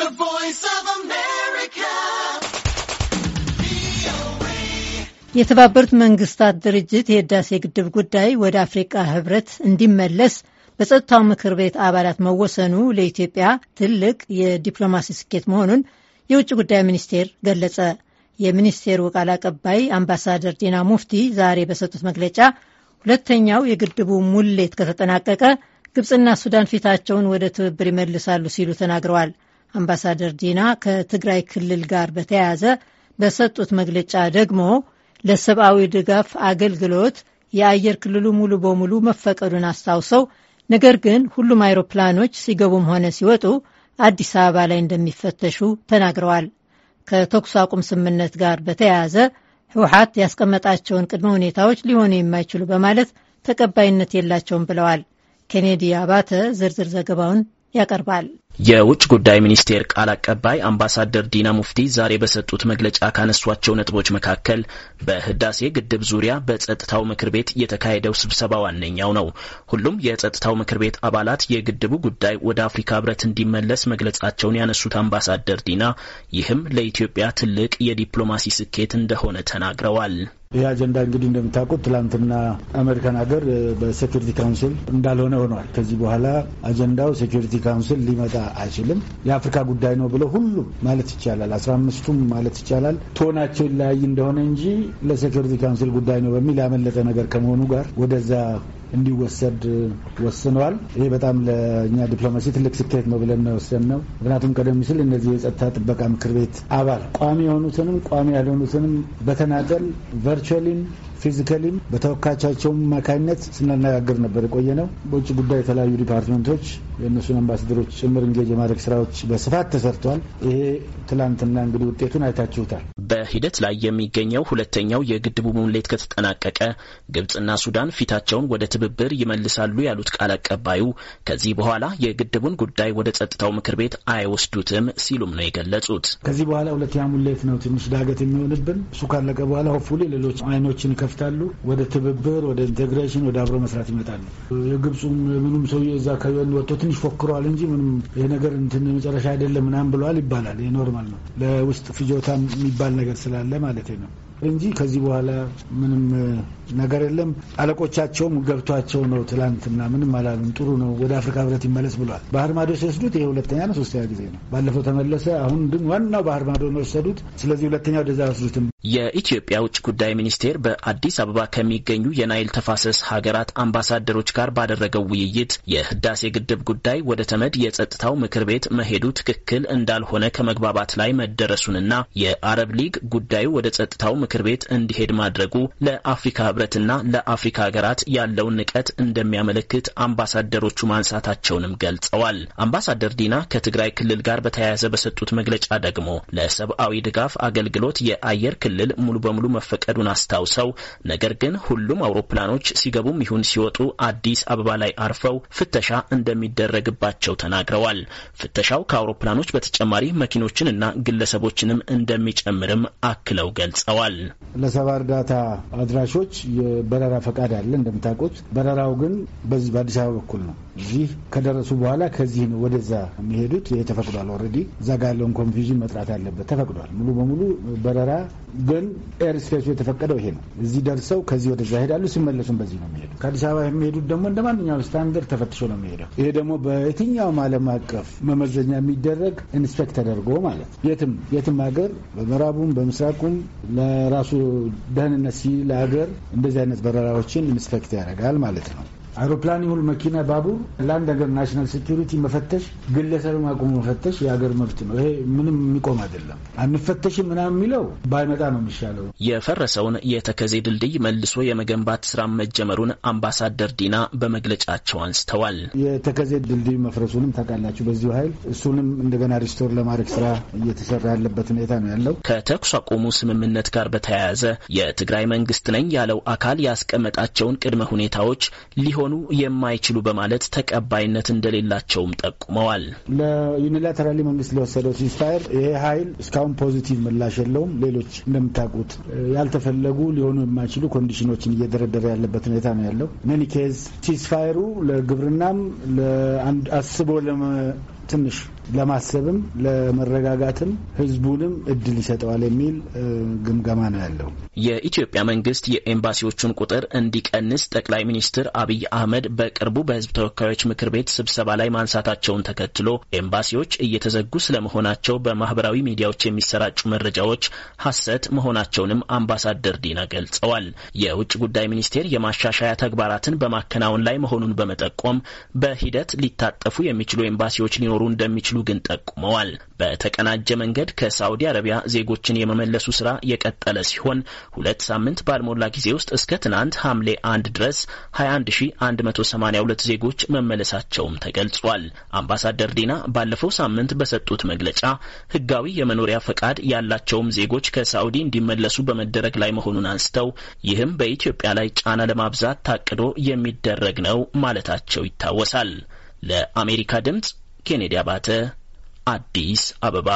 The Voice of America. የተባበሩት መንግስታት ድርጅት የህዳሴ ግድብ ጉዳይ ወደ አፍሪቃ ህብረት እንዲመለስ በጸጥታው ምክር ቤት አባላት መወሰኑ ለኢትዮጵያ ትልቅ የዲፕሎማሲ ስኬት መሆኑን የውጭ ጉዳይ ሚኒስቴር ገለጸ። የሚኒስቴሩ ቃል አቀባይ አምባሳደር ዲና ሙፍቲ ዛሬ በሰጡት መግለጫ ሁለተኛው የግድቡ ሙሌት ከተጠናቀቀ ግብፅና ሱዳን ፊታቸውን ወደ ትብብር ይመልሳሉ ሲሉ ተናግረዋል። አምባሳደር ዲና ከትግራይ ክልል ጋር በተያያዘ በሰጡት መግለጫ ደግሞ ለሰብአዊ ድጋፍ አገልግሎት የአየር ክልሉ ሙሉ በሙሉ መፈቀዱን አስታውሰው ነገር ግን ሁሉም አይሮፕላኖች ሲገቡም ሆነ ሲወጡ አዲስ አበባ ላይ እንደሚፈተሹ ተናግረዋል። ከተኩስ አቁም ስምምነት ጋር በተያያዘ ህወሓት ያስቀመጣቸውን ቅድመ ሁኔታዎች ሊሆኑ የማይችሉ በማለት ተቀባይነት የላቸውም ብለዋል። ኬኔዲ አባተ ዝርዝር ዘገባውን ያቀርባል። የውጭ ጉዳይ ሚኒስቴር ቃል አቀባይ አምባሳደር ዲና ሙፍቲ ዛሬ በሰጡት መግለጫ ካነሷቸው ነጥቦች መካከል በህዳሴ ግድብ ዙሪያ በጸጥታው ምክር ቤት የተካሄደው ስብሰባ ዋነኛው ነው። ሁሉም የጸጥታው ምክር ቤት አባላት የግድቡ ጉዳይ ወደ አፍሪካ ህብረት እንዲመለስ መግለጻቸውን ያነሱት አምባሳደር ዲና ይህም ለኢትዮጵያ ትልቅ የዲፕሎማሲ ስኬት እንደሆነ ተናግረዋል። ይህ አጀንዳ እንግዲህ እንደምታውቁት ትላንትና አሜሪካን ሀገር በሴኪሪቲ ካውንስል እንዳልሆነ ሆኗል። ከዚህ በኋላ አጀንዳው ሴኪሪቲ ካውንስል ሊመጣ አይችልም፣ የአፍሪካ ጉዳይ ነው ብለው ሁሉም ማለት ይቻላል አስራ አምስቱም ማለት ይቻላል ቶናቸው ይለያይ እንደሆነ እንጂ ለሴኪሪቲ ካውንስል ጉዳይ ነው በሚል ያመለጠ ነገር ከመሆኑ ጋር ወደዛ እንዲወሰድ ወስነዋል። ይሄ በጣም ለእኛ ዲፕሎማሲ ትልቅ ስኬት ነው ብለን ወስደን ነው። ምክንያቱም ቀደም ሲል እነዚህ የጸጥታ ጥበቃ ምክር ቤት አባል ቋሚ የሆኑትንም ቋሚ ያልሆኑትንም በተናጠል ቨርቹዋሊም ፊዚካሊም በተወካዮቻቸው አማካኝነት ስናነጋግር ነበር የቆየ ነው። በውጭ ጉዳይ የተለያዩ ዲፓርትመንቶች የእነሱን አምባሳደሮች ጭምር እንጌጅ የማድረግ ስራዎች በስፋት ተሰርተዋል። ይሄ ትላንትና እንግዲህ ውጤቱን አይታችሁታል። በሂደት ላይ የሚገኘው ሁለተኛው የግድቡ ሙሌት ከተጠናቀቀ ግብጽና ሱዳን ፊታቸውን ወደ ትብብር ይመልሳሉ ያሉት ቃል አቀባዩ ከዚህ በኋላ የግድቡን ጉዳይ ወደ ጸጥታው ምክር ቤት አይወስዱትም ሲሉም ነው የገለጹት። ከዚህ በኋላ ሁለተኛ ሙሌት ነው ትንሽ ዳገት የሚሆንብን። እሱ ካለቀ በኋላ ሆፉሌ ሌሎች አይኖችን ይከፍታሉ። ወደ ትብብር፣ ወደ ኢንቴግሬሽን፣ ወደ አብሮ መስራት ይመጣሉ። የግብፁም ምንም ሰውዬ እዛ ከዩኤን ወጥቶ ትንሽ ፎክረዋል እንጂ ምንም ይሄ ነገር እንትን መጨረሻ አይደለም ምናምን ብለዋል ይባላል። ይሄ ኖርማል ነው። ለውስጥ ፍጆታ የሚባል ነገር ስላለ ማለት ነው። እንጂ ከዚህ በኋላ ምንም ነገር የለም። አለቆቻቸውም ገብቷቸው ነው ትላንትና ምንም አላሉም። ጥሩ ነው ወደ አፍሪካ ህብረት ይመለስ ብሏል። ባህር ማዶ ሲወስዱት ይሄ ሁለተኛ ነው ሶስተኛ ጊዜ ነው። ባለፈው ተመለሰ። አሁን ግን ዋናው ባህር ማዶ ነው ወሰዱት። ስለዚህ ሁለተኛ ወደዛ ወስዱትም። የኢትዮጵያ ውጭ ጉዳይ ሚኒስቴር በአዲስ አበባ ከሚገኙ የናይል ተፋሰስ ሀገራት አምባሳደሮች ጋር ባደረገው ውይይት የህዳሴ ግድብ ጉዳይ ወደ ተመድ የጸጥታው ምክር ቤት መሄዱ ትክክል እንዳልሆነ ከመግባባት ላይ መደረሱንና የአረብ ሊግ ጉዳዩ ወደ ጸጥታው ምክር ምክር ቤት እንዲሄድ ማድረጉ ለአፍሪካ ህብረትና ለአፍሪካ ሀገራት ያለውን ንቀት እንደሚያመለክት አምባሳደሮቹ ማንሳታቸውንም ገልጸዋል። አምባሳደር ዲና ከትግራይ ክልል ጋር በተያያዘ በሰጡት መግለጫ ደግሞ ለሰብአዊ ድጋፍ አገልግሎት የአየር ክልል ሙሉ በሙሉ መፈቀዱን አስታውሰው ነገር ግን ሁሉም አውሮፕላኖች ሲገቡም ይሁን ሲወጡ አዲስ አበባ ላይ አርፈው ፍተሻ እንደሚደረግባቸው ተናግረዋል። ፍተሻው ከአውሮፕላኖች በተጨማሪ መኪኖችን እና ግለሰቦችንም እንደሚጨምርም አክለው ገልጸዋል። ለሰባ እርዳታ አድራሾች የበረራ ፈቃድ አለ እንደምታውቁት። በረራው ግን በዚህ በአዲስ አበባ በኩል ነው። እዚህ ከደረሱ በኋላ ከዚህ ነው ወደዛ የሚሄዱት። ይሄ ተፈቅዷል። ኦልሬዲ እዛ ጋ ያለውን ኮንፊውዥን መጥራት አለበት። ተፈቅዷል ሙሉ በሙሉ በረራ ግን ኤር ስፔሱ የተፈቀደው ይሄ ነው። እዚህ ደርሰው ከዚህ ወደዛ ሄዳሉ፣ ሲመለሱም በዚህ ነው የሚሄዱ። ከአዲስ አበባ የሚሄዱት ደግሞ እንደ ማንኛውም ስታንደርድ ተፈትሾ ነው የሚሄደው። ይሄ ደግሞ በየትኛውም ዓለም አቀፍ መመዘኛ የሚደረግ ኢንስፔክት ተደርጎ ማለት የትም የትም ሀገር በምዕራቡም በምስራቁም ራሱ ደህንነት ሲል ለሀገር እንደዚህ አይነት በረራዎችን ኢንስፔክት ያደርጋል ማለት ነው። አውሮፕላን ይሁን መኪና፣ ባቡር ለአንድ ሀገር ናሽናል ሴኪሪቲ መፈተሽ ግለሰብ አቁሞ መፈተሽ የሀገር መብት ነው። ይሄ ምንም የሚቆም አይደለም። አንፈተሽም ምናምን የሚለው ባይመጣ ነው የሚሻለው። የፈረሰውን የተከዜ ድልድይ መልሶ የመገንባት ስራ መጀመሩን አምባሳደር ዲና በመግለጫቸው አንስተዋል። የተከዜ ድልድይ መፍረሱንም ታውቃላችሁ። በዚሁ ኃይል እሱንም እንደገና ሪስቶር ለማድረግ ስራ እየተሰራ ያለበት ሁኔታ ነው ያለው። ከተኩስ አቁሙ ስምምነት ጋር በተያያዘ የትግራይ መንግስት ነኝ ያለው አካል ያስቀመጣቸውን ቅድመ ሁኔታዎች ሊሆ ሊሆኑ የማይችሉ በማለት ተቀባይነት እንደሌላቸውም ጠቁመዋል። ለዩኒላተራሊ መንግስት ለወሰደው ሲስፋየር ይሄ ኃይል እስካሁን ፖዚቲቭ ምላሽ የለውም። ሌሎች እንደምታውቁት ያልተፈለጉ ሊሆኑ የማይችሉ ኮንዲሽኖችን እየደረደረ ያለበት ሁኔታ ነው ያለው። ሜኒ ኬዝ ሲስፋየሩ ለግብርናም አስቦ ለመ ትንሽ ለማሰብም ለመረጋጋትም ህዝቡንም እድል ይሰጠዋል የሚል ግምገማ ነው ያለው። የኢትዮጵያ መንግስት የኤምባሲዎቹን ቁጥር እንዲቀንስ ጠቅላይ ሚኒስትር አብይ አህመድ በቅርቡ በህዝብ ተወካዮች ምክር ቤት ስብሰባ ላይ ማንሳታቸውን ተከትሎ ኤምባሲዎች እየተዘጉ ስለመሆናቸው በማህበራዊ ሚዲያዎች የሚሰራጩ መረጃዎች ሀሰት መሆናቸውንም አምባሳደር ዲና ገልጸዋል። የውጭ ጉዳይ ሚኒስቴር የማሻሻያ ተግባራትን በማከናወን ላይ መሆኑን በመጠቆም በሂደት ሊታጠፉ የሚችሉ ኤምባሲዎች ሊኖሩ እንደሚችሉ እንደሚችሉ ግን ጠቁመዋል። በተቀናጀ መንገድ ከሳዑዲ አረቢያ ዜጎችን የመመለሱ ስራ የቀጠለ ሲሆን ሁለት ሳምንት ባልሞላ ጊዜ ውስጥ እስከ ትናንት ሐምሌ አንድ ድረስ 21182 ዜጎች መመለሳቸውም ተገልጿል። አምባሳደር ዲና ባለፈው ሳምንት በሰጡት መግለጫ ህጋዊ የመኖሪያ ፈቃድ ያላቸውም ዜጎች ከሳዑዲ እንዲመለሱ በመደረግ ላይ መሆኑን አንስተው ይህም በኢትዮጵያ ላይ ጫና ለማብዛት ታቅዶ የሚደረግ ነው ማለታቸው ይታወሳል። ለአሜሪካ ድምጽ ኬኔዲ አባተ አዲስ አበባ